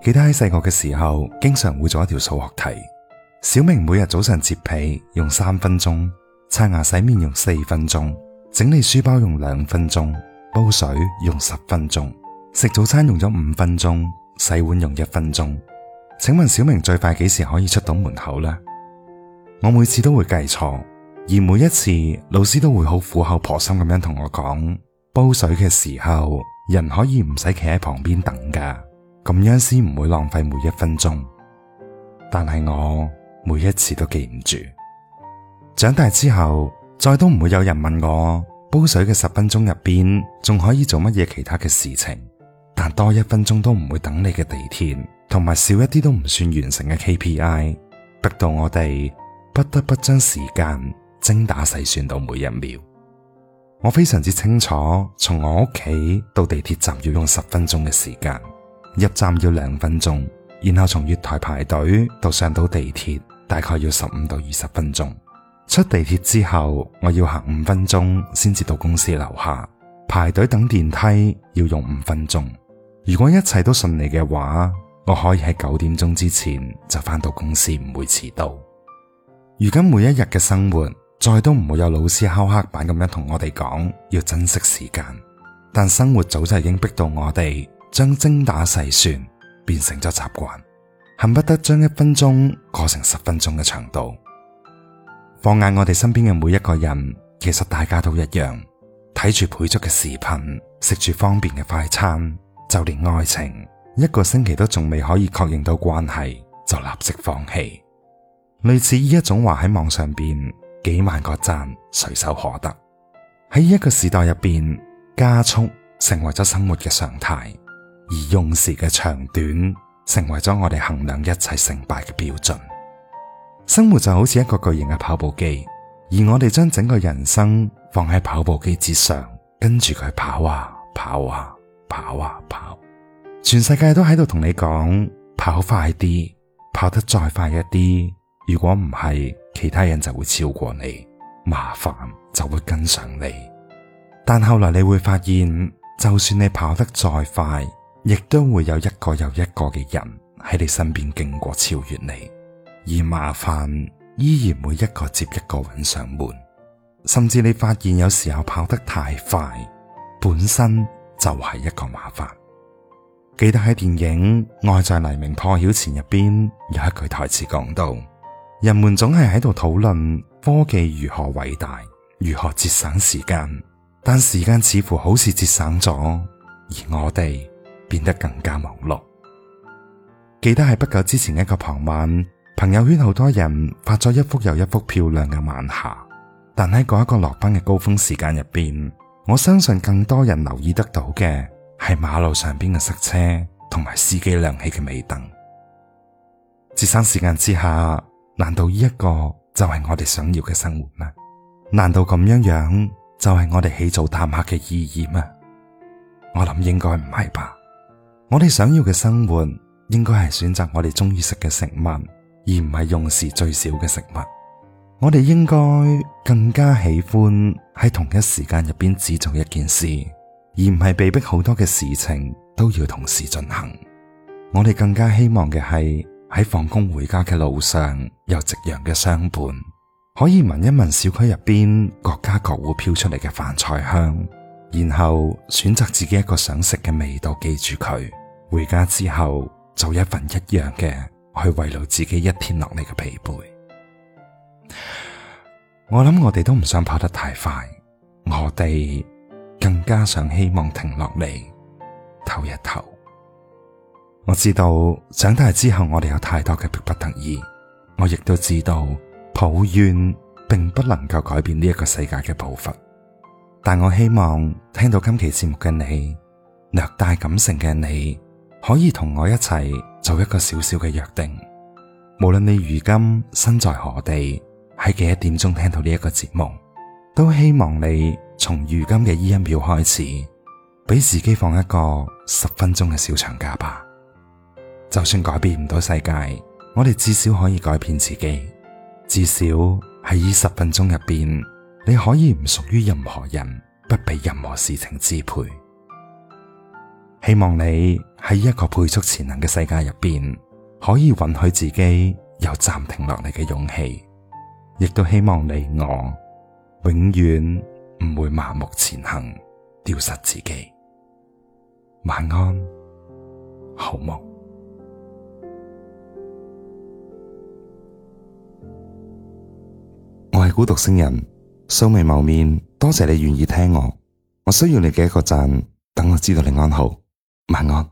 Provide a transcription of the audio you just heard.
記得喺細個嘅時候，經常會做一條數學題。小明每日早上折被用三分鐘，刷牙洗面用四分鐘，整理書包用兩分鐘，煲水用十分鐘，食早餐用咗五分鐘，洗碗用一分鐘。請問小明最快幾時可以出到門口呢？我每次都會計錯，而每一次老師都會好苦口婆心咁樣同我講：煲水嘅時候，人可以唔使企喺旁邊等噶。咁樣先唔會浪費每一分鐘，但係我每一次都記唔住。長大之後，再都唔會有人問我煲水嘅十分鐘入邊仲可以做乜嘢其他嘅事情。但多一分鐘都唔會等你嘅地鐵，同埋少一啲都唔算完成嘅 KPI，逼到我哋不得不將時間精打細算到每一秒。我非常之清楚，從我屋企到地鐵站要用十分鐘嘅時間。一站要兩分鐘，然後從月台排隊到上到地鐵，大概要十五到二十分鐘。出地鐵之後，我要行五分鐘先至到公司樓下，排隊等電梯要用五分鐘。如果一切都順利嘅話，我可以喺九點鐘之前就翻到公司，唔會遲到。如今每一日嘅生活，再都唔會有老師敲黑板咁樣同我哋講要珍惜時間，但生活早就已經逼到我哋，將精打細算變成咗習慣，恨不得將一分鐘過成十分鐘嘅長度。放眼我哋身邊嘅每一個人，其實大家都一樣，睇住倍速嘅視頻，食住方便嘅快餐，就連愛情一個星期都仲未可以確認到關係，就立即放棄。類似呢一種話喺網上邊幾萬個讚隨手可得，喺呢一個時代入邊，加速成為咗生活嘅常態。而用時嘅長短成為咗我哋衡量一切成敗嘅標準。生活就好似一個巨型嘅跑步機，而我哋將整個人生放喺跑步機之上，跟住佢跑啊跑啊跑啊跑。全世界都喺度同你講，跑快啲，跑得再快一啲。如果唔係，其他人就會超過你，麻煩就會跟上你。但後來你會發現，就算你跑得再快，亦都會有一個又一個嘅人喺你身邊經過超越你，而麻煩依然會一個接一個揾上門，甚至你發現有時候跑得太快，本身就係一個麻煩。記得喺電影《愛在黎明破曉前》入邊有一句台詞講到：人們總係喺度討論科技如何偉大，如何節省時間，但時間似乎好似節省咗，而我哋，變得更加忙碌。記得喺不久之前一個傍晚，朋友圈好多人發咗一幅又一幅漂亮嘅晚霞。但喺嗰一個落班嘅高峰時間入邊，我相信更多人留意得到嘅係馬路上邊嘅塞車同埋司機亮起嘅尾燈。節省時間之下，難道呢一個就係我哋想要嘅生活嗎？難道咁樣樣就係我哋起早貪黑嘅意義嗎？我諗應該唔係吧。我哋想要嘅生活，應該係選擇我哋中意食嘅食物，而唔係用時最少嘅食物。我哋應該更加喜歡喺同一時間入邊只做一件事，而唔係被逼好多嘅事情都要同時進行。我哋更加希望嘅係喺放工回家嘅路上，有夕陽嘅相伴，可以聞一聞小區入邊各家各戶飄出嚟嘅飯菜香，然後選擇自己一個想食嘅味道，記住佢。回家之後做一份一樣嘅，去慰勞自己一天落嚟嘅疲憊。我諗我哋都唔想跑得太快，我哋更加想希望停落嚟唞一唞。我知道長大之後我哋有太多嘅迫不得已，我亦都知道抱怨並不能夠改變呢一個世界嘅步伐。但我希望聽到今期節目嘅你，略帶感性嘅你。可以同我一齊做一個小小嘅約定，無論你如今身在何地，喺幾多點鐘聽到呢一個節目，都希望你從如今嘅依一秒開始，俾自己放一個十分鐘嘅小長假吧。就算改變唔到世界，我哋至少可以改變自己，至少喺依十分鐘入邊，你可以唔屬於任何人，不被任何事情支配。希望你。喺一個倍速前行嘅世界入邊，可以允許自己有暫停落嚟嘅勇氣，亦都希望你我永遠唔會盲目前行，丟失自己。晚安，好夢。我係孤獨星人，素未謀面，多謝你願意聽我。我需要你嘅一個讚，等我知道你安好。晚安。